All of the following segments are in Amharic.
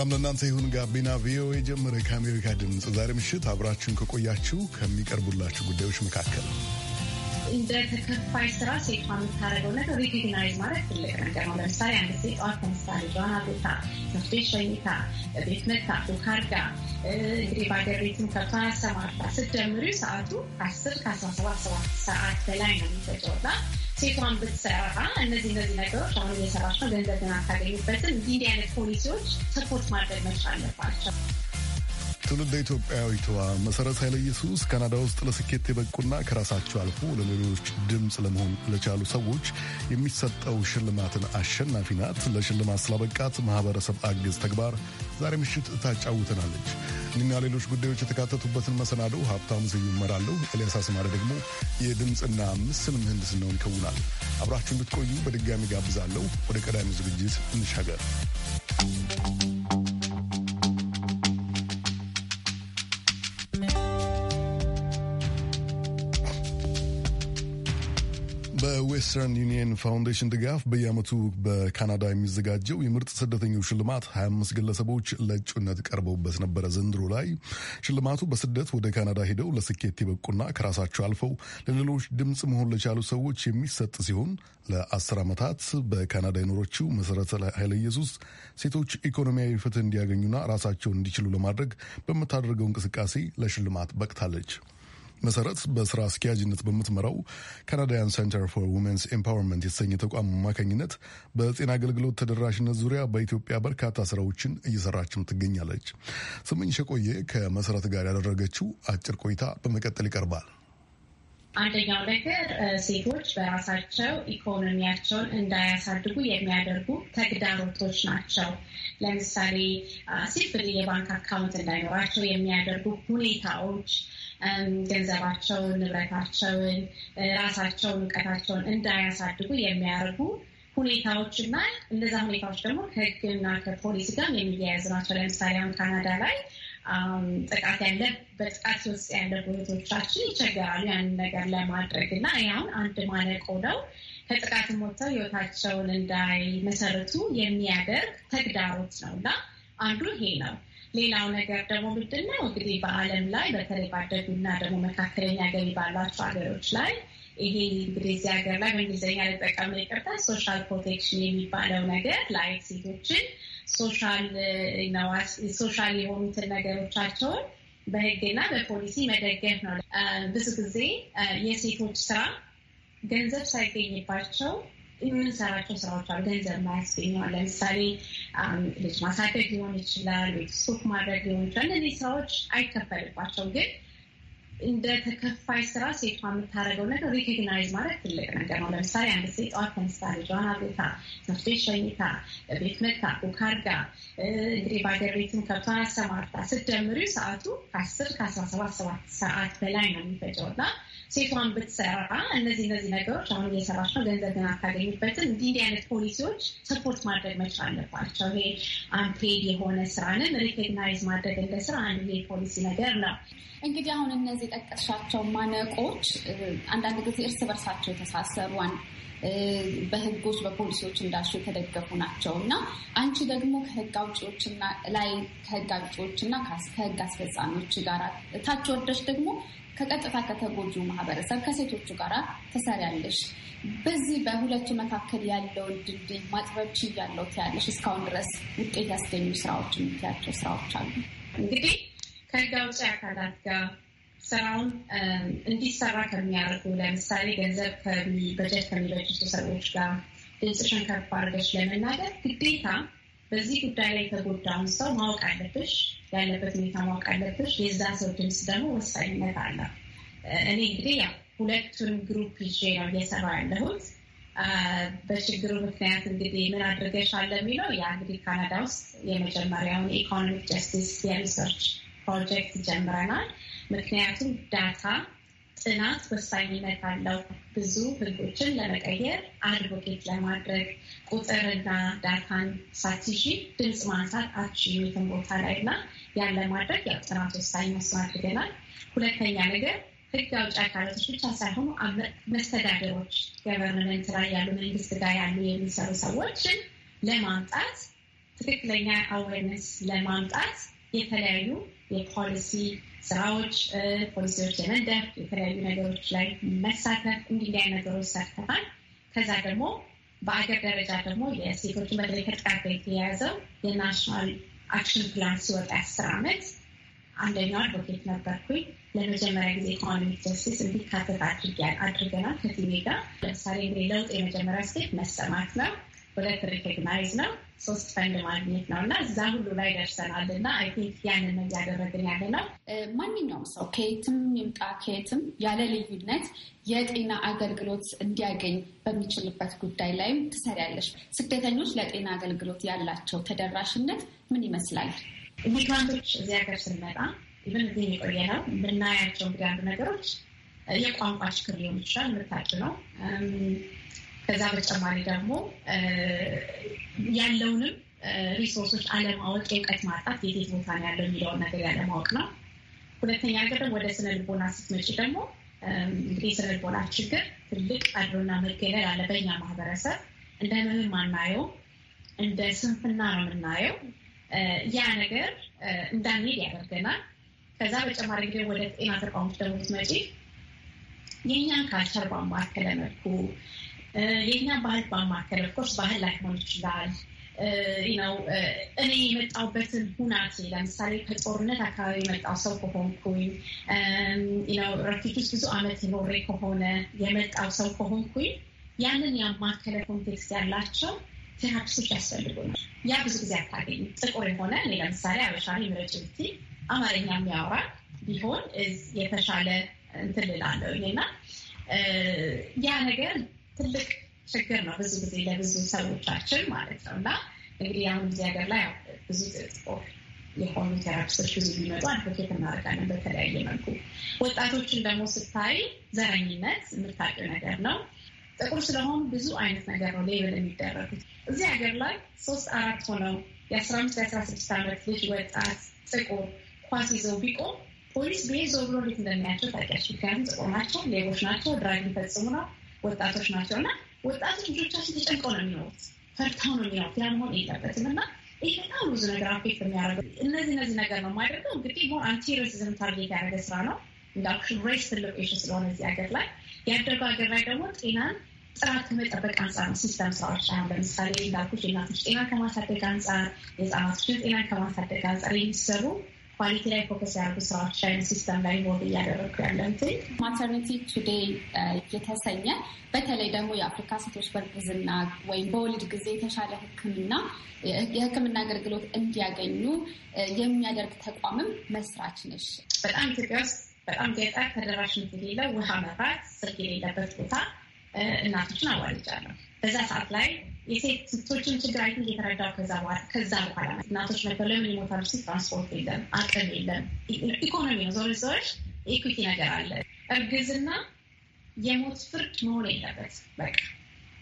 ሰላም ለእናንተ ይሁን። ጋቢና ቪኦኤ ጀመረ። ከአሜሪካ ድምፅ ዛሬ ምሽት አብራችሁን ከቆያችሁ ከሚቀርቡላችሁ ጉዳዮች መካከል እንደ ተከፋይ ስራ ሴቷ የምታደርገው ነገር ሪኮግናይዝ ማለት ትልቅ ነገር ነው። ለምሳሌ አንድ ሴት ጠዋት ተነስታ ልጇን አጎታ ትምህርት ቤት ሸኝታ ቤት መታ ካርጋ እንግዲህ በአገር ቤትም ከብቷ ያሰማርታ ስትደምሪው ሰዓቱ ከአስር ከአስራ ሰባት ሰባት ሰዓት በላይ ነው የሚፈጨውና ሴቷን ብትሰራ እነዚህ እነዚህ ነገሮች አሁን እየሰራቸው ገንዘብን ታገኙበትን እንዲህ አይነት ፖሊሲዎች ሰፖርት ማድረግ መቻል አለባቸው። ትውልድ ኢትዮጵያዊቷ መሰረት ኃይለ ኢየሱስ ካናዳ ውስጥ ለስኬት የበቁና ከራሳቸው አልፎ ለሌሎች ድምፅ ለመሆን ለቻሉ ሰዎች የሚሰጠው ሽልማትን አሸናፊ ናት። ለሽልማት ስላበቃት ማህበረሰብ አገዝ ተግባር ዛሬ ምሽት ታጫውተናለች። እኒና ሌሎች ጉዳዮች የተካተቱበትን መሰናዶ ሀብታሙ ስዩም ይመራለሁ። ኤልያስ አስማሪ ደግሞ የድምፅና ምስል ምህንድስናውን ይከውናል። አብራችሁ እንድትቆዩ በድጋሚ ጋብዛለሁ። ወደ ቀዳሚ ዝግጅት እንሻገር። ዌስተርን ዩኒየን ፋውንዴሽን ድጋፍ በየዓመቱ በካናዳ የሚዘጋጀው የምርጥ ስደተኞች ሽልማት 25 ግለሰቦች ለእጩነት ቀርበውበት ነበረ። ዘንድሮ ላይ ሽልማቱ በስደት ወደ ካናዳ ሄደው ለስኬት የበቁና ከራሳቸው አልፈው ለሌሎች ድምፅ መሆን ለቻሉ ሰዎች የሚሰጥ ሲሆን ለአስር ዓመታት በካናዳ የኖረችው መሰረተ ኃይለ ኢየሱስ ሴቶች ኢኮኖሚያዊ ፍትህ እንዲያገኙና ራሳቸውን እንዲችሉ ለማድረግ በምታደርገው እንቅስቃሴ ለሽልማት በቅታለች። መሰረት በስራ አስኪያጅነት በምትመራው ካናዳያን ሴንተር ፎር ውሜንስ ኤምፓወርመንት የተሰኘ ተቋም አማካኝነት በጤና አገልግሎት ተደራሽነት ዙሪያ በኢትዮጵያ በርካታ ስራዎችን እየሰራችም ትገኛለች። ስምኝ ሸቆየ ከመሰረት ጋር ያደረገችው አጭር ቆይታ በመቀጠል ይቀርባል። አንደኛው ነገር ሴቶች በራሳቸው ኢኮኖሚያቸውን እንዳያሳድጉ የሚያደርጉ ተግዳሮቶች ናቸው። ለምሳሌ ሲፍሪ የባንክ አካውንት እንዳይኖራቸው የሚያደርጉ ሁኔታዎች ገንዘባቸውን፣ ንብረታቸውን፣ ራሳቸውን፣ እውቀታቸውን እንዳያሳድጉ የሚያደርጉ ሁኔታዎች እና እነዛ ሁኔታዎች ደግሞ ከህግና ከፖሊሲ ጋር የሚያያዝ ናቸው። ለምሳሌ አሁን ካናዳ ላይ ጥቃት ያለ በጥቃት ውስጥ ያለ እህቶቻችን ይቸገራሉ ያንን ነገር ለማድረግ እና ያሁን አንድ ማነቆ ነው። ከጥቃትም ወጥተው ህይወታቸውን እንዳይመሰርቱ የሚያደርግ ተግዳሮት ነው እና አንዱ ይሄ ነው። ሌላው ነገር ደግሞ ምንድን ነው እንግዲህ በዓለም ላይ በተለይ እና ደግሞ መካከለኛ ገቢ ባሏቸው ሀገሮች ላይ ይሄ እንግዲህ እዚህ ሀገር ላይ በእንግሊዝኛ ልጠቀም ይቅርታ፣ ሶሻል ፕሮቴክሽን የሚባለው ነገር ላይ ሴቶችን ሶሻል የሆኑትን ነገሮቻቸውን በሕግና በፖሊሲ መደገፍ ነው። ብዙ ጊዜ የሴቶች ስራ ገንዘብ ሳይገኝባቸው የምንሰራቸው ስራዎች አሉ ገንዘብ ማያስገኙ ለምሳሌ ልጅ ማሳደግ ሊሆን ይችላል፣ ቤት ስቶክ ማድረግ ሊሆን ይችላል። እነዚህ ስራዎች አይከፈልባቸውም ግን እንደ ተከፋይ ስራ ሴቷ የምታደርገው ነገር ሪኮግናይዝ ማለት ትልቅ ነገር ነው። ለምሳሌ አንድ ሴት ጠዋት ተነስታ ልጇን አብታ ትምህርት ቤት ሸኝታ ቤት መታ ኡካርጋ እንግዲህ በሀገር ቤትን ከብቷን አሰማርታ ስትጀምሪ ሰዓቱ ከአስር ከአስራ ሰባት ሰባት ሰዓት በላይ ነው የሚፈጨው እና ሴቷን ብትሰራ እነዚህ እነዚህ ነገሮች አሁን እየሰራች ነው፣ ገንዘብ ግን አታገኝበትም። እንዲህ እንዲህ አይነት ፖሊሲዎች ሰፖርት ማድረግ መቻል አለባቸው። ይሄ አንፔድ የሆነ ስራንም ሪኮግናይዝ ማድረግ እንደ ስራ አንዱ ይሄ ፖሊሲ ነገር ነው። እንግዲህ አሁን እነዚህ የጠቀስሻቸው ማነቆች አንዳንድ ጊዜ እርስ በርሳቸው የተሳሰሩ በህጎች በፖሊሲዎች እንዳሹ የተደገፉ ናቸው እና አንቺ ደግሞ ከህግ አውጪዎች ላይ ከህግ አውጪዎች እና ከህግ አስፈጻሚዎች ጋር ታች ወርደሽ ደግሞ ከቀጥታ ከተጎጁ ማህበረሰብ ከሴቶቹ ጋር ትሰሪያለሽ። በዚህ በሁለቱ መካከል ያለውን ድልድይ ማጥበብ ችያለሁ ትያለሽ። እስካሁን ድረስ ውጤት ያስገኙ ስራዎች የምትያቸው ስራዎች አሉ እንግዲህ ከህግ አውጪ አካላት ጋር ስራውን እንዲሰራ ከሚያደርጉ ለምሳሌ ገንዘብ በጀት ከሚበጅቱ ሰዎች ጋር ድምፅሽን ከፍ አድርገሽ ለመናገር ግዴታ በዚህ ጉዳይ ላይ የተጎዳውን ሰው ማወቅ አለብሽ፣ ያለበት ሁኔታ ማወቅ አለብሽ። የዛ ሰው ድምፅ ደግሞ ወሳኝነት አለ። እኔ እንግዲህ ያ ሁለቱን ግሩፕ ይዤ ነው እየሰራ ያለሁት። በችግሩ ምክንያት እንግዲህ ምን አድርገሻል የሚለው ያ እንግዲህ ካናዳ ውስጥ የመጀመሪያውን ኢኮኖሚክ ጀስቲስ የሪሰርች ፕሮጀክት ጀምረናል። ምክንያቱም ዳታ ጥናት ወሳኝነት አለው። ብዙ ህጎችን ለመቀየር አድቮኬት ለማድረግ ቁጥርና ዳታን ሳትሺ ድምፅ ማንሳት አችሉትን ቦታ ላይ እና ያን ለማድረግ ያው ጥናት ወሳኝ መስሎ አድርገናል። ሁለተኛ ነገር ህግ አውጭ አካላቶች ብቻ ሳይሆኑ መስተዳደሮች፣ ገቨርንመንት ላይ ያሉ መንግስት ጋር ያሉ የሚሰሩ ሰዎችን ለማምጣት ትክክለኛ አዌርነስ ለማምጣት የተለያዩ የፖሊሲ ስራዎች፣ ፖሊሲዎች የመንደፍ የተለያዩ ነገሮች ላይ መሳተፍ እንዲያ ነገሮች ሰርተናል። ከዛ ደግሞ በአገር ደረጃ ደግሞ የሴቶችን በተለይ ከጥቃት ጋር የተያያዘው የናሽናል አክሽን ፕላን ሲወጣ አስር ዓመት አንደኛው አድቮኬት ነበርኩኝ። ለመጀመሪያ ጊዜ ኢኮኖሚክ ጀስቲስ እንዲካተት አድርገናል ከቲሜ ጋር። ለምሳሌ እንግዲህ ለውጥ የመጀመሪያ ስቴት መሰማት ነው። ሁለት ሬኮግናይዝ ነው፣ ሶስት ፈንድ ማግኘት ነው እና እዛ ሁሉ ላይ ደርሰናል እና አይ ቲንክ ያንን እያደረግን ያለ ነው። ማንኛውም ሰው ከየትም ይምጣ ከየትም ያለ ልዩነት የጤና አገልግሎት እንዲያገኝ በሚችልበት ጉዳይ ላይም ትሰሪያለሽ። ስደተኞች ለጤና አገልግሎት ያላቸው ተደራሽነት ምን ይመስላል? ሚግራንቶች እዚህ ሀገር ስንመጣ ብን እዚህ የቆየ ነው የምናያቸው እንግዲህ አንዱ ነገሮች የቋንቋ ችግር ሊሆን ይችላል። ምታጭ ነው ከዛ በተጨማሪ ደግሞ ያለውንም ሪሶርሶች አለማወቅ የእውቀት ማጣት የቴት ቦታ ነው ያለው የሚለውን ነገር ያለማወቅ ነው። ሁለተኛ ነገር ደግሞ ወደ ስነ ልቦና ስትመጪ ደግሞ እንግዲህ የስነ ልቦና ችግር ትልቅ አድሮና መገለል አለ። በኛ ማህበረሰብ እንደ ምንም አናየው፣ እንደ ስንፍና ነው የምናየው። ያ ነገር እንዳንሄድ ያደርገናል። ከዛ በተጨማሪ ጊዜ ወደ ጤና ተቋሞች ደግሞ ስትመጪ የእኛን ካልቸር ባማከለ መልኩ Eh, የኛ ባህል በማከል ኮርስ ባህል ላይሆን ይችላል ነው። eh, eh, እኔ የመጣውበትን ሁናቴ ለምሳሌ ከጦርነት አካባቢ የመጣው ሰው ከሆንኩኝ ነው um, ረፊት ብዙ አመት የኖሬ ከሆነ የመጣው ሰው ከሆንኩኝ ያንን ያማከለ ኮንቴክስት ያላቸው ቴራፒስቶች ያስፈልጉናል። ያ ብዙ ጊዜ አታገኝ። ጥቁር የሆነ እኔ ለምሳሌ አበሻ ምረጭ አማርኛ የሚያወራ ቢሆን የተሻለ እንትን እላለሁ እና ያ ነገር ትልቅ ችግር ነው ብዙ ጊዜ ለብዙ ሰዎቻችን ማለት ነው። እና እንግዲህ አሁን ጊዜ ሀገር ላይ ብዙ ጥቆር የሆኑ ቴራፒስቶች ብዙ ቢመጡ አድቮኬት እናደርጋለን በተለያየ መልኩ። ወጣቶችን ደግሞ ስታይ ዘረኝነት የምታውቂው ነገር ነው። ጥቁር ስለሆኑ ብዙ አይነት ነገር ነው ሌብል የሚደረጉት። እዚህ ሀገር ላይ ሶስት አራት ሆነው የአስራ አምስት የአስራ ስድስት ዓመት ልጅ ወጣት ጥቁር ኳስ ይዘው ቢቆም ፖሊስ ቤዞ ብሎ እንዴት እንደሚያቸው ታውቂያለሽ። ምክንያቱም ጥቁር ናቸው፣ ሌቦች ናቸው፣ ድራግ ሊፈጽሙ ነው ወጣቶች ናቸው እና ወጣቶች ልጆቻችን ተጨንቀው ነው የሚኖሩት፣ ፈርተው ነው የሚኖሩት። ያ መሆን የለበትም እና ይህ በጣም ብዙ ነገር አፌክት የሚያደርገው እነዚህ እነዚህ ነገር ነው የማደርገው። እንግዲህ ሞር አንቲሬሲዝም ታርጌት ያደረገ ስራ ነው እንዳልኩሽ ሬስ ትልቅ ኢሹ ስለሆነ እዚህ ሀገር ላይ ያደገው ሀገር ላይ ደግሞ ጤናን ጥራት ከመጠበቅ አንጻር ነው ሲስተም ስራዎች አሁን ለምሳሌ እንዳልኩሽ የእናቶች ጤና ከማሳደግ አንጻር፣ የህፃናቶችን ጤና ከማሳደግ አንጻር የሚሰሩ ኳሊቲ ላይ ፎከስ ያደርጉ ስራዎች ላይ ሲስተም ላይ ሆን እያደረጉ ያለንት ማተርኒቲ ቱዴይ የተሰኘ በተለይ ደግሞ የአፍሪካ ሴቶች በእርግዝና ወይም በወልድ ጊዜ የተሻለ ሕክምና የሕክምና አገልግሎት እንዲያገኙ የሚያደርግ ተቋምም መስራች ነሽ። በጣም ኢትዮጵያ ውስጥ በጣም ገጠር ተደራሽነት የሌለው ውሃ፣ መራት ስልክ የሌለበት ቦታ እናቶችን አዋልጃለሁ። በዛ ሰዓት ላይ የሴቶችን ችግር አይ እየተረዳው ከዛ በኋላ እናቶች ነበር ለምን ይሞታሉ ሲል ትራንስፖርት የለም፣ አቅም የለም፣ ኢኮኖሚ ነው። ዞር ዞር ኢኩቲ ነገር አለ። እርግዝና የሞት ፍርድ መሆን የለበት። በቃ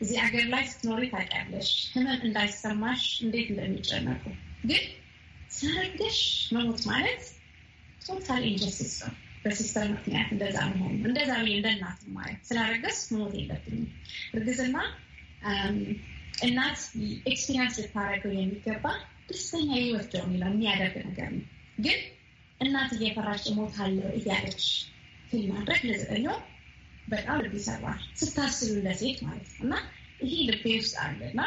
እዚህ ሀገር ላይ ስትኖሪ ታውቂያለሽ፣ ህመም እንዳይሰማሽ እንዴት እንደሚጨነቁ ግን ስናረግሽ መሞት ማለት ቶታል ኢንጀስቲስ ነው። በሲስተም ምክንያት እንደዛ መሆኑ እንደዛ እንደናት ማለት ስላረገስ መሞት የለብኝም እርግዝና እናት ኤክስፒሪንስ ልታደርገው የሚገባ ደስተኛ ህይወት የሚለው የሚያደርግ ነገር ነው። ግን እናት እየፈራች እሞታለሁ እያለች ፊልም ማድረግ ለዘጠኛው በጣም ልብ ይሰራል ስታስሉ ለሴት ማለት ነው። እና ይሄ ልቤ ውስጥ አለ እና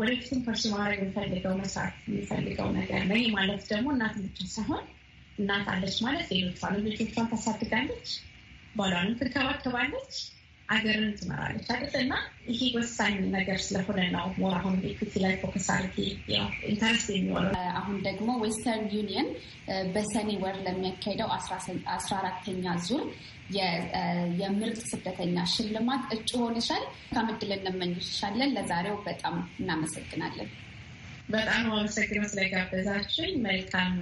ወደፊትም ፐርሱ ማድረግ የሚፈልገው መስራት የሚፈልገው ነገር ነ ማለት ደግሞ እናት ብቻ ሳይሆን እናት አለች ማለት ሌሎቿንም ልጆቿን ታሳድጋለች፣ ባሏንም ትንከባከባለች አገርን ትመራለች አይደል? እና ይሄ ወሳኝ ነገር ስለሆነ ነው ሞር አሁን ኢኩቲ ላይ ፎከስ አድርጌ ኢንተረስት የሚሆነው። አሁን ደግሞ ዌስተርን ዩኒየን በሰኔ ወር ለሚያካሄደው አስራ አራተኛ ዙር የምርጥ ስደተኛ ሽልማት እጩ ሆነሻል። ከምድል እንመኝሻለን። ለዛሬው በጣም እናመሰግናለን። በጣም አመሰግነው ስለጋበዛችን። መልካም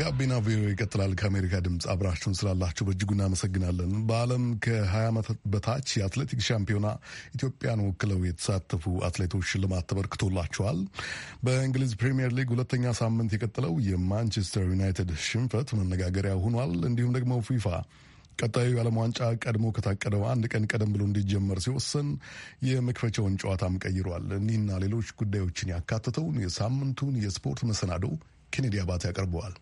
ጋቢና ቪኦኤ ይቀጥላል። ከአሜሪካ ድምፅ አብራችሁን ስላላችሁ በእጅጉ እናመሰግናለን። በዓለም ከ20 ዓመት በታች የአትሌቲክስ ሻምፒዮና ኢትዮጵያን ወክለው የተሳተፉ አትሌቶች ሽልማት ተበርክቶላቸዋል። በእንግሊዝ ፕሪምየር ሊግ ሁለተኛ ሳምንት የቀጠለው የማንቸስተር ዩናይትድ ሽንፈት መነጋገሪያ ሆኗል። እንዲሁም ደግሞ ፊፋ ቀጣዩ የዓለም ዋንጫ ቀድሞ ከታቀደው አንድ ቀን ቀደም ብሎ እንዲጀመር ሲወሰን የመክፈቻውን ጨዋታም ቀይሯል። እኒህና ሌሎች ጉዳዮችን ያካትተውን የሳምንቱን የስፖርት መሰናዶ ኬኔዲ አባት ያቀርበዋል።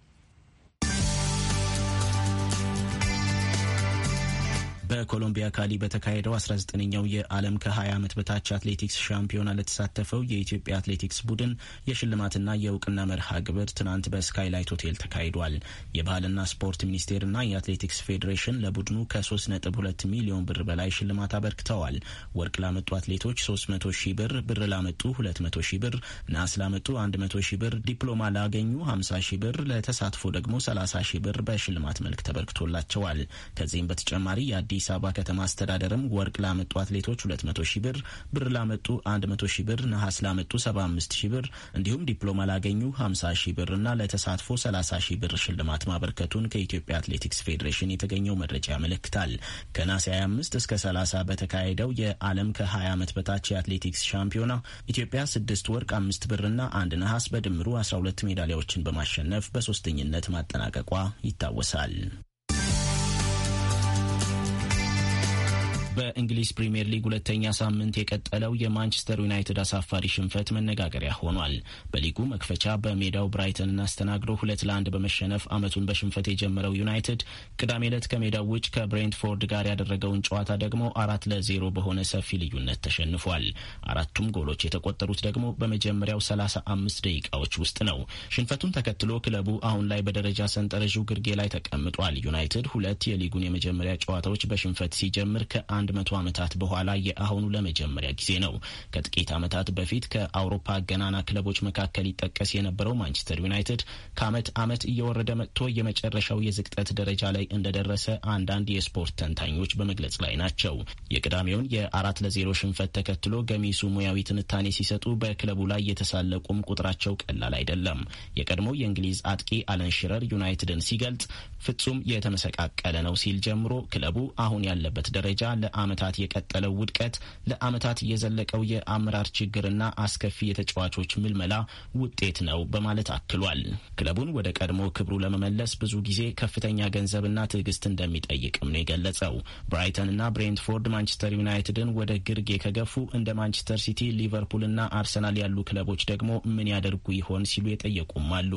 በኮሎምቢያ ካሊ በተካሄደው 19ኛው የዓለም ከ20 ዓመት በታች አትሌቲክስ ሻምፒዮና ለተሳተፈው የኢትዮጵያ አትሌቲክስ ቡድን የሽልማትና የእውቅና መርሃ ግብር ትናንት በስካይላይት ሆቴል ተካሂዷል። የባህልና ስፖርት ሚኒስቴርና የአትሌቲክስ ፌዴሬሽን ለቡድኑ ከ3.2 ሚሊዮን ብር በላይ ሽልማት አበርክተዋል። ወርቅ ላመጡ አትሌቶች 300 ሺህ ብር፣ ብር ላመጡ 200 ሺ ብር፣ ናስ ላመጡ 100 ሺ ብር፣ ዲፕሎማ ላገኙ 50 ሺ ብር፣ ለተሳትፎ ደግሞ 30 ሺህ ብር በሽልማት መልክ ተበርክቶላቸዋል። ከዚህም በተጨማሪ የአዲስ የአዲስ አበባ ከተማ አስተዳደርም ወርቅ ላመጡ አትሌቶች 200 ሺ ብር፣ ብር ላመጡ 100 ሺ ብር፣ ነሐስ ላመጡ 75 ሺ ብር እንዲሁም ዲፕሎማ ላገኙ 50 ሺ ብር እና ለተሳትፎ 30 ሺ ብር ሽልማት ማበርከቱን ከኢትዮጵያ አትሌቲክስ ፌዴሬሽን የተገኘው መረጃ ያመለክታል። ከነሐሴ 25 እስከ 30 በተካሄደው የዓለም ከ20 ዓመት በታች የአትሌቲክስ ሻምፒዮና ኢትዮጵያ ስድስት ወርቅ አምስት ብርና አንድ ነሐስ በድምሩ 12 ሜዳሊያዎችን በማሸነፍ በሶስተኝነት ማጠናቀቋ ይታወሳል። በእንግሊዝ ፕሪምየር ሊግ ሁለተኛ ሳምንት የቀጠለው የማንቸስተር ዩናይትድ አሳፋሪ ሽንፈት መነጋገሪያ ሆኗል። በሊጉ መክፈቻ በሜዳው ብራይተንን አስተናግዶ ሁለት ለአንድ በመሸነፍ አመቱን በሽንፈት የጀመረው ዩናይትድ ቅዳሜ ዕለት ከሜዳው ውጭ ከብሬንትፎርድ ጋር ያደረገውን ጨዋታ ደግሞ አራት ለዜሮ በሆነ ሰፊ ልዩነት ተሸንፏል። አራቱም ጎሎች የተቆጠሩት ደግሞ በመጀመሪያው ሰላሳ አምስት ደቂቃዎች ውስጥ ነው። ሽንፈቱን ተከትሎ ክለቡ አሁን ላይ በደረጃ ሰንጠረዡ ግርጌ ላይ ተቀምጧል። ዩናይትድ ሁለት የሊጉን የመጀመሪያ ጨዋታዎች በሽንፈት ሲጀምር ከአንድ ከአንድ መቶ ዓመታት በኋላ የአሁኑ ለመጀመሪያ ጊዜ ነው። ከጥቂት ዓመታት በፊት ከአውሮፓ ገናና ክለቦች መካከል ይጠቀስ የነበረው ማንቸስተር ዩናይትድ ከዓመት ዓመት እየወረደ መጥቶ የመጨረሻው የዝቅጠት ደረጃ ላይ እንደደረሰ አንዳንድ የስፖርት ተንታኞች በመግለጽ ላይ ናቸው። የቅዳሜውን የአራት ለዜሮ ሽንፈት ተከትሎ ገሚሱ ሙያዊ ትንታኔ ሲሰጡ በክለቡ ላይ የተሳለቁም ቁጥራቸው ቀላል አይደለም። የቀድሞ የእንግሊዝ አጥቂ አለን ሽረር ዩናይትድን ሲገልጽ ፍጹም የተመሰቃቀለ ነው ሲል ጀምሮ ክለቡ አሁን ያለበት ደረጃ ለ ዓመታት የቀጠለው ውድቀት፣ ለዓመታት የዘለቀው የአመራር ችግርና አስከፊ የተጫዋቾች ምልመላ ውጤት ነው በማለት አክሏል። ክለቡን ወደ ቀድሞ ክብሩ ለመመለስ ብዙ ጊዜ ከፍተኛ ገንዘብና ትዕግስት እንደሚጠይቅም ነው የገለጸው። ብራይተንና ብሬንትፎርድ ማንቸስተር ዩናይትድን ወደ ግርጌ ከገፉ እንደ ማንቸስተር ሲቲ፣ ሊቨርፑልና አርሰናል ያሉ ክለቦች ደግሞ ምን ያደርጉ ይሆን ሲሉ የጠየቁም አሉ።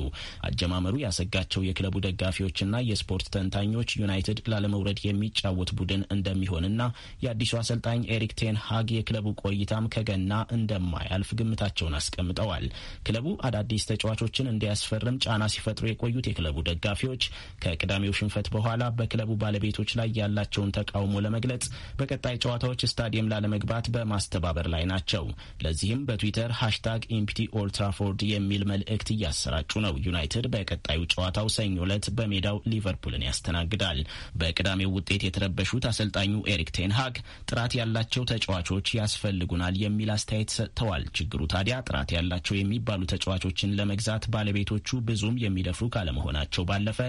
አጀማመሩ ያሰጋቸው የክለቡ ደጋፊዎችና የስፖርት ተንታኞች ዩናይትድ ላለመውረድ የሚጫወት ቡድን እንደሚሆንና የአዲሱ አሰልጣኝ ኤሪክ ቴን ሀግ የክለቡ ቆይታም ከገና እንደማያልፍ ግምታቸውን አስቀምጠዋል። ክለቡ አዳዲስ ተጫዋቾችን እንዲያስፈርም ጫና ሲፈጥሩ የቆዩት የክለቡ ደጋፊዎች ከቅዳሜው ሽንፈት በኋላ በክለቡ ባለቤቶች ላይ ያላቸውን ተቃውሞ ለመግለጽ በቀጣይ ጨዋታዎች ስታዲየም ላለመግባት በማስተባበር ላይ ናቸው። ለዚህም በትዊተር ሃሽታግ ኢምፕቲ ኦልትራፎርድ የሚል መልእክት እያሰራጩ ነው። ዩናይትድ በቀጣዩ ጨዋታው ሰኞ ዕለት በሜዳው ሊቨርፑልን ያስተናግዳል። በቅዳሜው ውጤት የተረበሹት አሰልጣኙ ኤሪክ ቴን ቴንሃግ ጥራት ያላቸው ተጫዋቾች ያስፈልጉናል የሚል አስተያየት ሰጥተዋል። ችግሩ ታዲያ ጥራት ያላቸው የሚባሉ ተጫዋቾችን ለመግዛት ባለቤቶቹ ብዙም የሚደፍሩ ካለመሆናቸው ባለፈ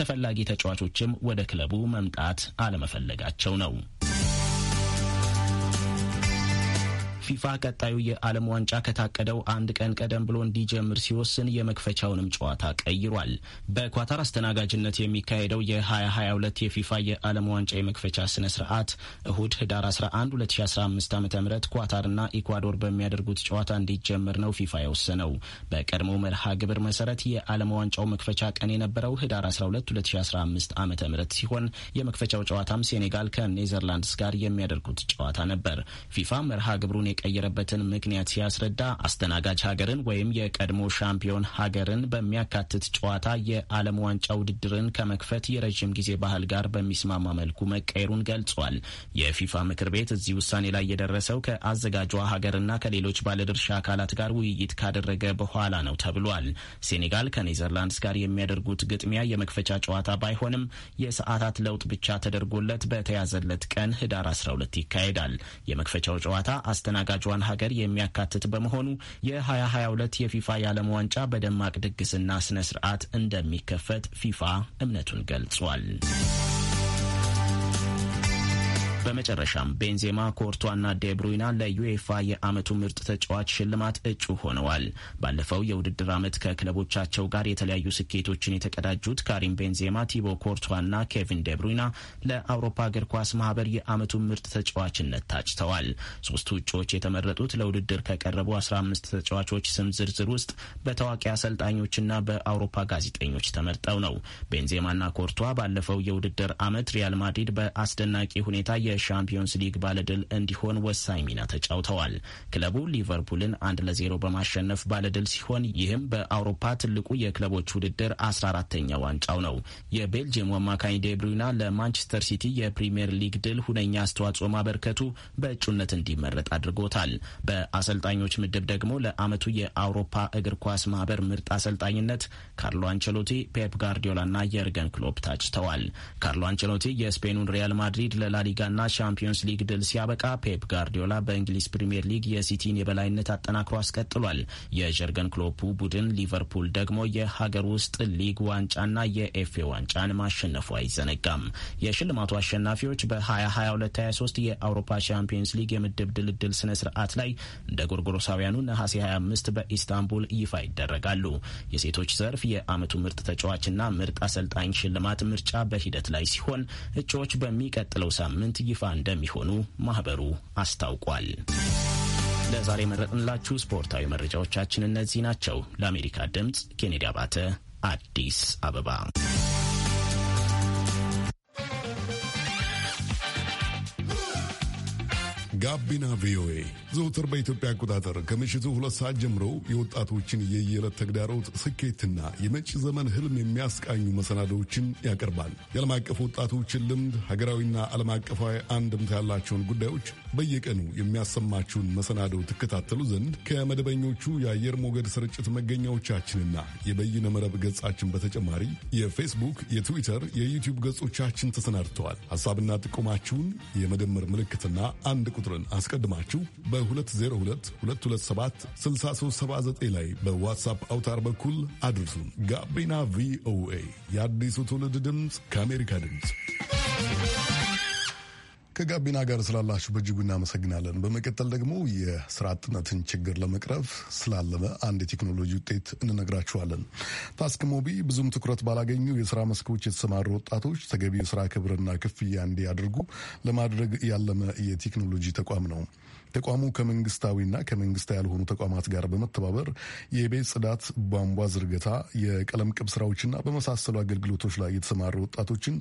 ተፈላጊ ተጫዋቾችም ወደ ክለቡ መምጣት አለመፈለጋቸው ነው። ፊፋ ቀጣዩ የዓለም ዋንጫ ከታቀደው አንድ ቀን ቀደም ብሎ እንዲጀምር ሲወስን የመክፈቻውንም ጨዋታ ቀይሯል። በኳታር አስተናጋጅነት የሚካሄደው የ2022 የፊፋ የዓለም ዋንጫ የመክፈቻ ስነ ስርዓት እሁድ ህዳር 11 2015 ዓ ም ኳታርና ኢኳዶር በሚያደርጉት ጨዋታ እንዲጀምር ነው ፊፋ የወሰነው። በቀድሞ መርሃ ግብር መሰረት የዓለም ዋንጫው መክፈቻ ቀን የነበረው ህዳር 12 2015 ዓ ም ሲሆን የመክፈቻው ጨዋታም ሴኔጋል ከኔዘርላንድስ ጋር የሚያደርጉት ጨዋታ ነበር። ፊፋ መርሃ ግብሩን የቀየረበትን ምክንያት ሲያስረዳ አስተናጋጅ ሀገርን ወይም የቀድሞ ሻምፒዮን ሀገርን በሚያካትት ጨዋታ የዓለም ዋንጫ ውድድርን ከመክፈት የረዥም ጊዜ ባህል ጋር በሚስማማ መልኩ መቀየሩን ገልጿል። የፊፋ ምክር ቤት እዚህ ውሳኔ ላይ የደረሰው ከአዘጋጇ ሀገርና ከሌሎች ባለድርሻ አካላት ጋር ውይይት ካደረገ በኋላ ነው ተብሏል። ሴኔጋል ከኔዘርላንድስ ጋር የሚያደርጉት ግጥሚያ የመክፈቻ ጨዋታ ባይሆንም የሰዓታት ለውጥ ብቻ ተደርጎለት በተያዘለት ቀን ህዳር 12 ይካሄዳል። የመክፈቻው ጨዋታ አስተናጋ አዘጋጇን ሀገር የሚያካትት በመሆኑ የ2022 የፊፋ የዓለም ዋንጫ በደማቅ ድግስና ስነ ስርዓት እንደሚከፈት ፊፋ እምነቱን ገልጿል። በመጨረሻም ቤንዜማ ኮርቷና ዴብሩይና ለዩኤፋ የአመቱ ምርጥ ተጫዋች ሽልማት እጩ ሆነዋል። ባለፈው የውድድር አመት ከክለቦቻቸው ጋር የተለያዩ ስኬቶችን የተቀዳጁት ካሪም ቤንዜማ፣ ቲቦ ኮርቷና ኬቪን ዴብሩይና ለአውሮፓ እግር ኳስ ማህበር የአመቱ ምርጥ ተጫዋችነት ታጭተዋል። ሶስቱ እጩዎች የተመረጡት ለውድድር ከቀረቡ 15 ተጫዋቾች ስም ዝርዝር ውስጥ በታዋቂ አሰልጣኞችና በአውሮፓ ጋዜጠኞች ተመርጠው ነው። ቤንዜማና ኮርቷ ባለፈው የውድድር አመት ሪያል ማድሪድ በአስደናቂ ሁኔታ የ የሻምፒዮንስ ሊግ ባለድል እንዲሆን ወሳኝ ሚና ተጫውተዋል። ክለቡ ሊቨርፑልን አንድ ለዜሮ በማሸነፍ ባለድል ሲሆን ይህም በአውሮፓ ትልቁ የክለቦች ውድድር 14ተኛ ዋንጫው ነው። የቤልጅየሙ አማካኝ ዴብሩይና ለማንቸስተር ሲቲ የፕሪምየር ሊግ ድል ሁነኛ አስተዋጽኦ ማበርከቱ በእጩነት እንዲመረጥ አድርጎታል። በአሰልጣኞች ምድብ ደግሞ ለዓመቱ የአውሮፓ እግር ኳስ ማህበር ምርጥ አሰልጣኝነት ካርሎ አንቸሎቲ፣ ፔፕ ጋርዲዮላና የርገን ክሎፕ ታጭተዋል። ካርሎ አንቸሎቲ የስፔኑን ሪያል ማድሪድ ለላሊጋ ዋንጫና ሻምፒዮንስ ሊግ ድል ሲያበቃ ፔፕ ጋርዲዮላ በእንግሊዝ ፕሪምየር ሊግ የሲቲን የበላይነት አጠናክሮ አስቀጥሏል። የጀርገን ክሎፑ ቡድን ሊቨርፑል ደግሞ የሀገር ውስጥ ሊግ ዋንጫና የኤፍኤ ዋንጫን ማሸነፉ አይዘነጋም። የሽልማቱ አሸናፊዎች በ2022/23 የአውሮፓ ሻምፒዮንስ ሊግ የምድብ ድልድል ስነ ስርዓት ላይ እንደ ጎርጎሮሳውያኑ ነሐሴ 25 በኢስታንቡል ይፋ ይደረጋሉ። የሴቶች ዘርፍ የአመቱ ምርጥ ተጫዋችና ምርጥ አሰልጣኝ ሽልማት ምርጫ በሂደት ላይ ሲሆን እጩዎች በሚቀጥለው ሳምንት ይፋ እንደሚሆኑ ማህበሩ አስታውቋል። ለዛሬ የመረጥንላችሁ ስፖርታዊ መረጃዎቻችን እነዚህ ናቸው። ለአሜሪካ ድምፅ ኬኔዲ አባተ አዲስ አበባ ጋቢና ቪኦኤ ዘውትር በኢትዮጵያ አቆጣጠር ከምሽቱ ሁለት ሰዓት ጀምሮ የወጣቶችን የየዕለት ተግዳሮት ስኬትና የመጪ ዘመን ህልም የሚያስቃኙ መሰናዶዎችን ያቀርባል። የዓለም አቀፍ ወጣቶችን ልምድ፣ ሀገራዊና ዓለም አቀፋዊ አንድምት ያላቸውን ጉዳዮች በየቀኑ የሚያሰማችሁን መሰናደው ትከታተሉ ዘንድ ከመደበኞቹ የአየር ሞገድ ስርጭት መገኛዎቻችንና የበይነ መረብ ገጻችን በተጨማሪ የፌስቡክ፣ የትዊተር፣ የዩቲዩብ ገጾቻችን ተሰናድተዋል። ሐሳብና ጥቆማችሁን የመደመር ምልክትና አንድ ቁጥርን አስቀድማችሁ በ202 227 6379 ላይ በዋትሳፕ አውታር በኩል አድርሱን። ጋቢና ቪኦኤ የአዲሱ ትውልድ ድምፅ ከአሜሪካ ድምፅ ከጋቢና ጋር ስላላችሁ በእጅጉ እናመሰግናለን። በመቀጠል ደግሞ የስራ አጥነትን ችግር ለመቅረፍ ስላለመ አንድ የቴክኖሎጂ ውጤት እንነግራችኋለን። ታስክ ሞቢ ብዙም ትኩረት ባላገኙ የስራ መስኮች የተሰማሩ ወጣቶች ተገቢ የስራ ክብርና ክፍያ እንዲያደርጉ ለማድረግ ያለመ የቴክኖሎጂ ተቋም ነው። ተቋሙ ከመንግስታዊና ከመንግስታ ያልሆኑ ተቋማት ጋር በመተባበር የቤት ጽዳት፣ ቧንቧ ዝርገታ፣ የቀለም ቅብ ስራዎችና በመሳሰሉ አገልግሎቶች ላይ የተሰማሩ ወጣቶችን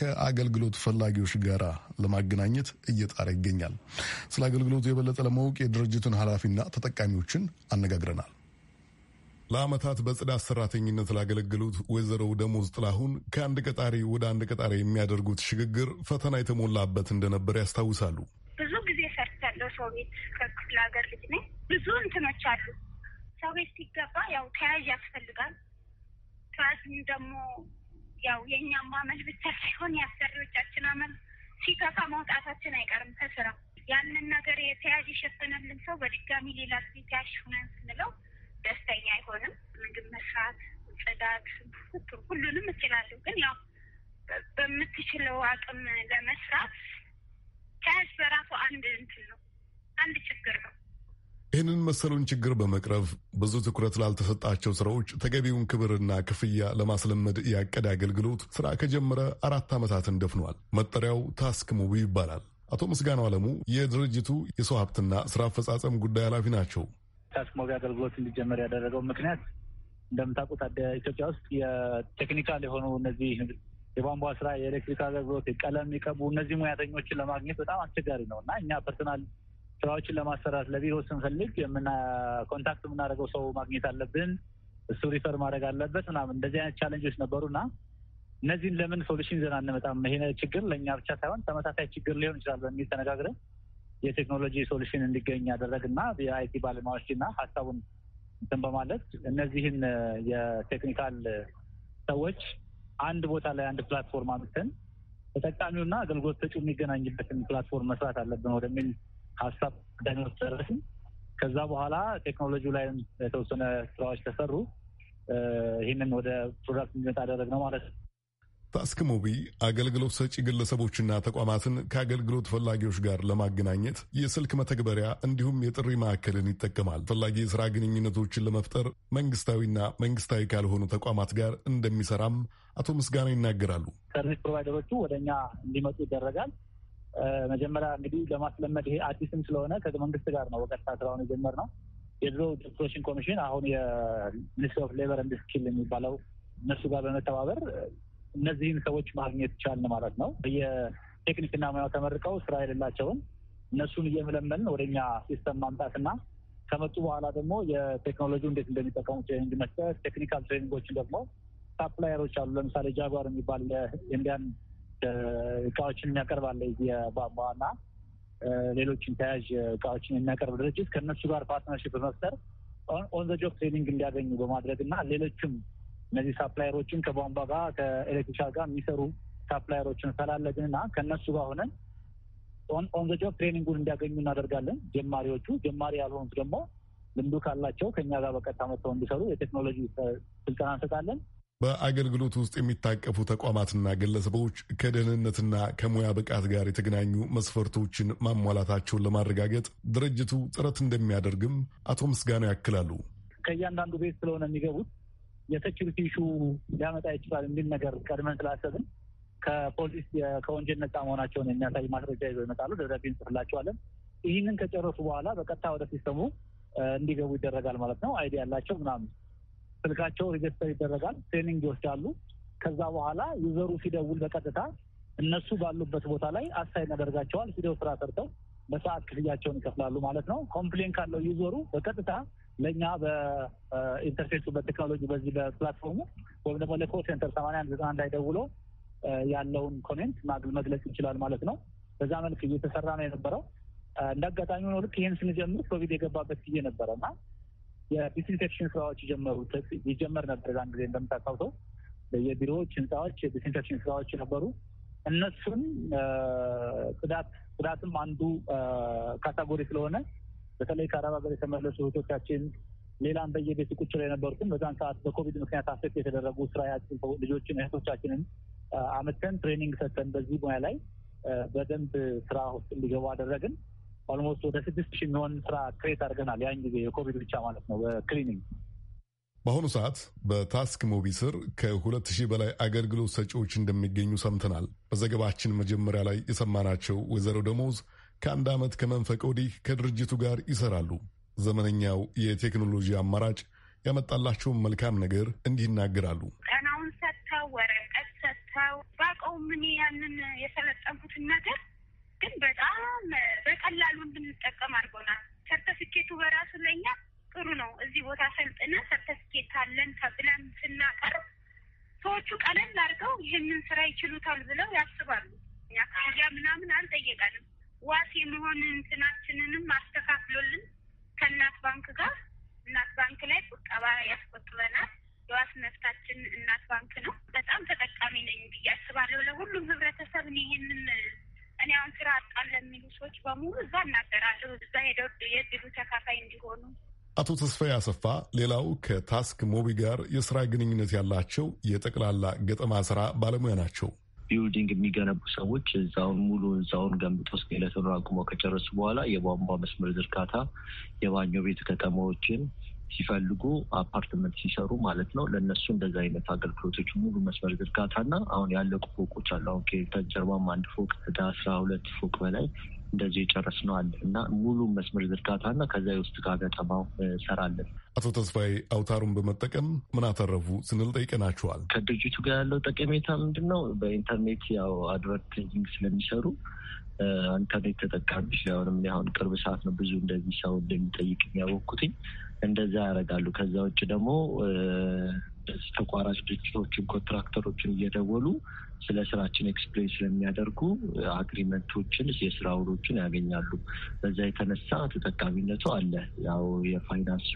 ከአገልግሎት ፈላጊዎች ጋር ለማገናኘት እየጣረ ይገኛል። ስለ አገልግሎቱ የበለጠ ለማወቅ የድርጅቱን ኃላፊና ተጠቃሚዎችን አነጋግረናል። ለአመታት በጽዳት ሰራተኝነት ላገለገሉት ወይዘሮ ደሞዝ ጥላሁን ከአንድ ቀጣሪ ወደ አንድ ቀጣሪ የሚያደርጉት ሽግግር ፈተና የተሞላበት እንደነበር ያስታውሳሉ። ሰው ቤት ከክፍለ ሀገር ልጅ ነኝ። ብዙ እንትኖች አሉ። ሰው ቤት ሲገባ ያው ተያዥ ያስፈልጋል። ተያዥም ደግሞ ያው የእኛም አመል ብቻ ሳይሆን የአሰሪዎቻችን አመል ሲከፋ ማውጣታችን አይቀርም ከስራ ያንን ነገር የተያዥ የሸፈነልን ሰው በድጋሚ ሌላ ተያዥ ሆነን ስንለው ደስተኛ አይሆንም። ምግብ መስራት፣ ጽዳት፣ ሁሉንም እችላለሁ፣ ግን ያው በምትችለው አቅም ለመስራት ተያዥ በራሱ አንድ እንትን ነው። አንድ ችግር ነው። ይህንን መሰሉን ችግር በመቅረፍ ብዙ ትኩረት ላልተሰጣቸው ስራዎች ተገቢውን ክብርና ክፍያ ለማስለመድ ያቀደ አገልግሎት ስራ ከጀመረ አራት ዓመታትን ደፍኗል። መጠሪያው ታስክ ሙቪ ይባላል። አቶ ምስጋናው አለሙ የድርጅቱ የሰው ሀብትና ስራ አፈጻጸም ጉዳይ ኃላፊ ናቸው። ታስክ ሙቪ አገልግሎት እንዲጀመር ያደረገው ምክንያት እንደምታውቁት ኢትዮጵያ ውስጥ የቴክኒካል የሆኑ እነዚህ የቧንቧ ስራ፣ የኤሌክትሪክ አገልግሎት፣ ቀለም ይቀቡ እነዚህ ሙያተኞችን ለማግኘት በጣም አስቸጋሪ ነው እና እኛ ፐርሰናል ስራዎችን ለማሰራት ለቢሮ ስንፈልግ የምና ኮንታክት የምናደርገው ሰው ማግኘት አለብን። እሱ ሪፈር ማድረግ አለበት ምናምን እንደዚህ አይነት ቻለንጆች ነበሩ እና እነዚህን ለምን ሶሉሽን ይዘን አንመጣም? ይሄ ችግር ለእኛ ብቻ ሳይሆን ተመሳሳይ ችግር ሊሆን ይችላል በሚል ተነጋግረን የቴክኖሎጂ ሶሉሽን እንዲገኝ ያደረግ እና የአይቲ ባለሙያዎች ሀሳቡን እንትን በማለት እነዚህን የቴክኒካል ሰዎች አንድ ቦታ ላይ አንድ ፕላትፎርም አምጥተን ተጠቃሚውና አገልግሎት ሰጪው የሚገናኝበትን ፕላትፎርም መስራት አለብን ወደሚል ሀሳብ ዳኞች ጨረስን። ከዛ በኋላ ቴክኖሎጂ ላይም የተወሰነ ስራዎች ተሰሩ። ይህንን ወደ ፕሮዳክት እንዲመጣ ነው ማለት ነው። ታስክ ሙቪ አገልግሎት ሰጪ ግለሰቦችና ተቋማትን ከአገልግሎት ፈላጊዎች ጋር ለማገናኘት የስልክ መተግበሪያ እንዲሁም የጥሪ ማዕከልን ይጠቀማል። ፈላጊ የስራ ግንኙነቶችን ለመፍጠር መንግስታዊና መንግስታዊ ካልሆኑ ተቋማት ጋር እንደሚሰራም አቶ ምስጋና ይናገራሉ። ሰርቪስ ፕሮቫይደሮቹ ወደ እኛ እንዲመጡ ይደረጋል። መጀመሪያ እንግዲህ ለማስለመድ ይሄ አዲስም ስለሆነ ከመንግስት ጋር ነው በቀጥታ ስራውን የጀመርነው። የድሮ ፕሮሽን ኮሚሽን አሁን የሚኒስትሪ ኦፍ ሌበር ኤንድ ስኪል የሚባለው እነሱ ጋር በመተባበር እነዚህን ሰዎች ማግኘት ቻልን ማለት ነው። የቴክኒክና ሙያው ተመርቀው ስራ የሌላቸውን እነሱን እየመለመልን ወደኛ ሲስተም ማምጣትና ከመጡ በኋላ ደግሞ የቴክኖሎጂ እንዴት እንደሚጠቀሙ ትሬኒንግ መስጠት፣ ቴክኒካል ትሬኒንጎችን ደግሞ ሳፕላየሮች አሉ። ለምሳሌ ጃጓር የሚባል ኢንዲያን እቃዎችን የሚያቀርባለ የቧንቧና ሌሎችን ተያዥ እቃዎችን የሚያቀርብ ድርጅት ከእነሱ ጋር ፓርትነርሽፕ በመፍጠር ኦንዘ ጆብ ትሬኒንግ እንዲያገኙ በማድረግ እና ሌሎችም እነዚህ ሳፕላየሮችን ከቧንቧ ጋር ከኤሌክትሪሻል ጋር የሚሰሩ ሳፕላየሮችን ፈላለግን እና ከእነሱ ጋር ሆነን ኦንዘ ጆብ ትሬኒንጉን እንዲያገኙ እናደርጋለን። ጀማሪዎቹ ጀማሪ ያልሆኑት ደግሞ ልምዱ ካላቸው ከኛ ጋር በቀጥታ መጥተው እንዲሰሩ የቴክኖሎጂ ስልጠና እንሰጣለን። በአገልግሎት ውስጥ የሚታቀፉ ተቋማትና ግለሰቦች ከደህንነትና ከሙያ ብቃት ጋር የተገናኙ መስፈርቶችን ማሟላታቸውን ለማረጋገጥ ድርጅቱ ጥረት እንደሚያደርግም አቶ ምስጋና ያክላሉ። ከእያንዳንዱ ቤት ስለሆነ የሚገቡት የሴኪሪቲ ኢሹ ሊያመጣ ይችላል የሚል ነገር ቀድመን ስላሰብን ከፖሊስ ከወንጀል ነጻ መሆናቸውን የሚያሳይ ማስረጃ ይዘው ይመጣሉ። ደብዳቤ እንጽፍላቸዋለን። ይህንን ከጨረሱ በኋላ በቀጥታ ወደ ሲስተሙ እንዲገቡ ይደረጋል ማለት ነው። አይዲ ያላቸው ምናምን ስልካቸው ሬጅስተር ይደረጋል። ትሬኒንግ ይወስዳሉ። ከዛ በኋላ ዩዘሩ ሲደውል በቀጥታ እነሱ ባሉበት ቦታ ላይ አሳይ ያደርጋቸዋል። ሂደው ስራ ሰርተው በሰዓት ክፍያቸውን ይከፍላሉ ማለት ነው። ኮምፕሌን ካለው ዩዘሩ በቀጥታ ለእኛ በኢንተርፌሱ በቴክኖሎጂ በዚህ በፕላትፎርሙ ወይም ደግሞ ለኮል ሴንተር ሰማንያ ዘጠና አንድ ደውሎ ያለውን ኮሜንት መግለጽ ይችላል ማለት ነው። በዛ መልክ እየተሰራ ነው የነበረው። እንደ አጋጣሚ ሆኖ ልክ ይህን ስንጀምር ኮቪድ የገባበት ጊዜ ነበረ እና የዲስኢንፌክሽን ስራዎች የጀመሩት ይጀመር ነበር። ዛን ጊዜ እንደምታስታውሰው የቢሮዎች ህንፃዎች የዲስኢንፌክሽን ስራዎች ነበሩ። እነሱን ጽዳት ጽዳትም አንዱ ካታጎሪ ስለሆነ በተለይ ከአረብ ሀገር የተመለሱ እህቶቻችን ሌላም በየቤት ቁጭ ላይ የነበሩትም በዛን ሰዓት በኮቪድ ምክንያት አፌክት የተደረጉ ስራ ያጡ ልጆችን እህቶቻችንን አመተን ትሬኒንግ ሰጥተን በዚህ ሙያ ላይ በደንብ ስራ ውስጥ እንዲገቡ አደረግን። ኦልሞስት ወደ ስድስት ሺህ የሚሆን ስራ ክሬት አድርገናል። ያን ጊዜ የኮቪድ ብቻ ማለት ነው በክሊኒንግ በአሁኑ ሰዓት በታስክ ሞቢ ስር ከሁለት ሺህ በላይ አገልግሎት ሰጪዎች እንደሚገኙ ሰምተናል። በዘገባችን መጀመሪያ ላይ የሰማናቸው ወይዘሮ ደሞዝ ከአንድ ዓመት ከመንፈቅ ወዲህ ከድርጅቱ ጋር ይሰራሉ። ዘመነኛው የቴክኖሎጂ አማራጭ ያመጣላቸውን መልካም ነገር እንዲህ ይናገራሉ። ቀናውን ሰጥተው ወረቀት ሰጥተው ባቀው ምን ያንን የሰለጠንኩትን ነገር ግን በጣም በቀላሉ እንድንጠቀም አድርጎናል። ሰርተፊኬቱ በራሱ ለኛ ጥሩ ነው። እዚህ ቦታ ሰልጥነ ሰርተፊኬት አለን ተብለን ስናቀርብ ሰዎቹ ቀለል አድርገው ይህንን ስራ ይችሉታል ብለው ያስባሉ። እኛ ከዚያ ምናምን አልጠየቀንም። ዋስ የመሆን እንትናችንንም አስተካክሎልን ከእናት ባንክ ጋር እናት ባንክ ላይ ቁጠባ ያስቆጥበናል። የዋስ መፍታችን እናት ባንክ ነው። በጣም ተጠቃሚ ነኝ ብዬ አስባለሁ። ለሁሉም ህብረተሰብ ይህንን እኔ አሁን ስራ አጣን ለሚሉ ሰዎች በሙሉ እዛ እናገራለሁ። እዛ ሄደው የድሉ ተካፋይ እንዲሆኑ አቶ ተስፋዬ አሰፋ ሌላው ከታስክ ሞቢ ጋር የስራ ግንኙነት ያላቸው የጠቅላላ ገጠማ ስራ ባለሙያ ናቸው። ቢልዲንግ የሚገነቡ ሰዎች እዛውን ሙሉ እዛውን ገንብቶ ስኬለቱን አቁመው ከጨረሱ በኋላ የቧንቧ መስመር ዝርጋታ፣ የባኞ ቤት ከተማዎችን ሲፈልጉ አፓርትመንት ሲሰሩ ማለት ነው ለእነሱ እንደዚ አይነት አገልግሎቶች ሙሉ መስመር ዝርጋታና አሁን ያለቁ ፎቆች አሉ። አሁን ጀርባም አንድ ፎቅ ወደ አስራ ሁለት ፎቅ በላይ እንደዚህ የጨረስነው አለ እና ሙሉ መስመር ዝርጋታና ከዛ የውስጥ ጋር ገጠማው ሰራለን። አቶ ተስፋዬ አውታሩን በመጠቀም ምን አተረፉ ስንል ጠይቀናቸዋል። ከድርጅቱ ጋር ያለው ጠቀሜታ ምንድን ነው? በኢንተርኔት ያው አድቨርታይዚንግ ስለሚሰሩ ኢንተርኔት ተጠቃሚ ሲሆንም አሁን ቅርብ ሰዓት ነው ብዙ እንደዚህ ሰው እንደሚጠይቅ የሚያወቅኩትኝ እንደዛ ያደርጋሉ። ከዛ ውጭ ደግሞ ተቋራጭ ድርጅቶችን፣ ኮንትራክተሮችን እየደወሉ ስለ ስራችን ኤክስፕሌን ስለሚያደርጉ አግሪመንቶችን፣ የስራ ውሎችን ያገኛሉ። በዛ የተነሳ ተጠቃሚነቱ አለ። ያው የፋይናንሱ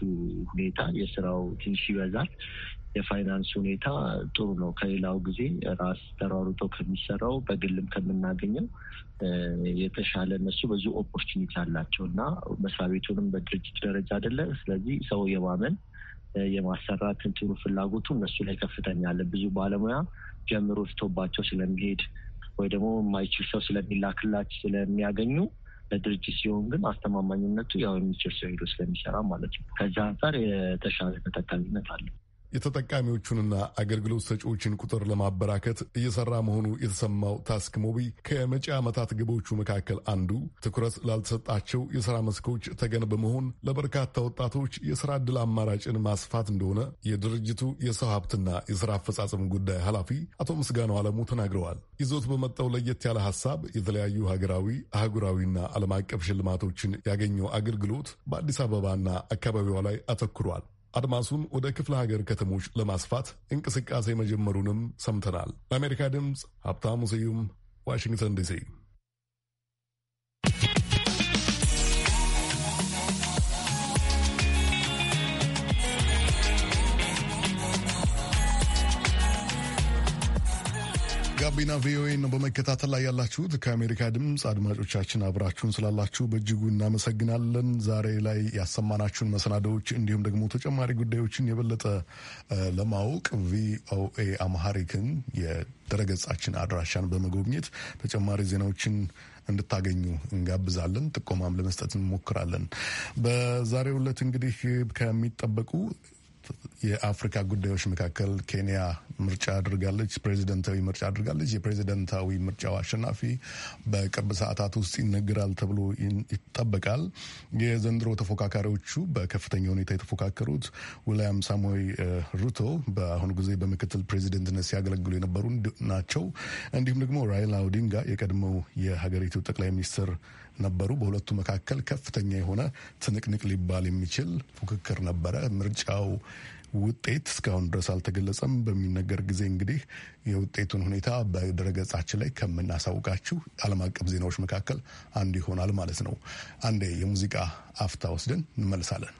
ሁኔታ የስራው ትንሽ ይበዛል። የፋይናንስ ሁኔታ ጥሩ ነው። ከሌላው ጊዜ ራስ ተሯሩጦ ከሚሰራው በግልም ከምናገኘው የተሻለ እነሱ ብዙ ኦፖርቹኒቲ አላቸው እና መስሪያ ቤቱንም በድርጅት ደረጃ አይደለ። ስለዚህ ሰው የማመን የማሰራት እንትኑ ፍላጎቱ እነሱ ላይ ከፍተኛ አለ። ብዙ ባለሙያ ጀምሮ ፍቶባቸው ስለሚሄድ ወይ ደግሞ የማይችል ሰው ስለሚላክላች ስለሚያገኙ ለድርጅት ሲሆን ግን አስተማማኝነቱ ያው የሚችል ሰው ሄዶ ስለሚሰራ ማለት ነው። ከዛ አንጻር የተሻለ ተጠቃሚነት አለው። የተጠቃሚዎቹንና አገልግሎት ሰጪዎችን ቁጥር ለማበራከት እየሰራ መሆኑ የተሰማው ታስክ ሞቢ ከመጪ ዓመታት ግቦቹ መካከል አንዱ ትኩረት ላልተሰጣቸው የሥራ መስኮች ተገን በመሆን ለበርካታ ወጣቶች የሥራ ዕድል አማራጭን ማስፋት እንደሆነ የድርጅቱ የሰው ሀብትና የሥራ አፈጻጸም ጉዳይ ኃላፊ አቶ ምስጋናው አለሙ ተናግረዋል። ይዞት በመጣው ለየት ያለ ሐሳብ የተለያዩ ሀገራዊ፣ አህጉራዊና ዓለም አቀፍ ሽልማቶችን ያገኘው አገልግሎት በአዲስ አበባና አካባቢዋ ላይ አተኩሯል። አድማሱን ወደ ክፍለ ሀገር ከተሞች ለማስፋት እንቅስቃሴ መጀመሩንም ሰምተናል። ለአሜሪካ ድምፅ ሀብታሙ ስዩም ዋሽንግተን ዲሲ ጋቢና ቪኦኤ ነው በመከታተል ላይ ያላችሁት። ከአሜሪካ ድምፅ አድማጮቻችን አብራችሁን ስላላችሁ በእጅጉ እናመሰግናለን። ዛሬ ላይ ያሰማናችሁን መሰናዶዎች እንዲሁም ደግሞ ተጨማሪ ጉዳዮችን የበለጠ ለማወቅ ቪኦኤ አምሃሪክን የድረገጻችን አድራሻን በመጎብኘት ተጨማሪ ዜናዎችን እንድታገኙ እንጋብዛለን። ጥቆማም ለመስጠት እንሞክራለን። በዛሬው ዕለት እንግዲህ ከሚጠበቁ የአፍሪካ ጉዳዮች መካከል ኬንያ ምርጫ አድርጋለች፣ ፕሬዚደንታዊ ምርጫ አድርጋለች። የፕሬዚደንታዊ ምርጫው አሸናፊ በቅርብ ሰዓታት ውስጥ ይነገራል ተብሎ ይጠበቃል። የዘንድሮ ተፎካካሪዎቹ በከፍተኛ ሁኔታ የተፎካከሩት ዊልያም ሳሞይ ሩቶ በአሁኑ ጊዜ በምክትል ፕሬዚደንትነት ሲያገለግሉ የነበሩ ናቸው። እንዲሁም ደግሞ ራይላ ኦዲንጋ የቀድሞው የሀገሪቱ ጠቅላይ ሚኒስትር ነበሩ። በሁለቱ መካከል ከፍተኛ የሆነ ትንቅንቅ ሊባል የሚችል ፉክክር ነበረ። ምርጫው ውጤት እስካሁን ድረስ አልተገለጸም። በሚነገር ጊዜ እንግዲህ የውጤቱን ሁኔታ በድረገጻችን ላይ ከምናሳውቃችሁ ዓለም አቀፍ ዜናዎች መካከል አንዱ ይሆናል ማለት ነው። አንዴ የሙዚቃ አፍታ ወስደን እንመልሳለን።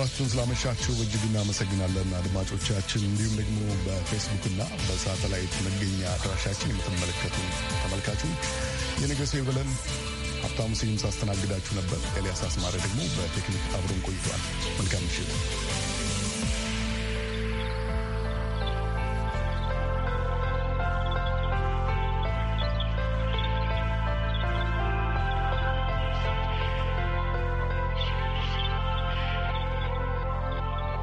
አብራችሁን ስላመሻችሁ በእጅጉ እናመሰግናለን አድማጮቻችን። እንዲሁም ደግሞ በፌስቡክና በሳተላይት መገኛ አድራሻችን የምትመለከቱ ተመልካቾች የነገሰ ይበለን። ሀብታሙ ስዩም ሳስተናግዳችሁ ነበር። ኤልያስ አስማረ ደግሞ በቴክኒክ አብሮን ቆይቷል። መልካም ምሽት።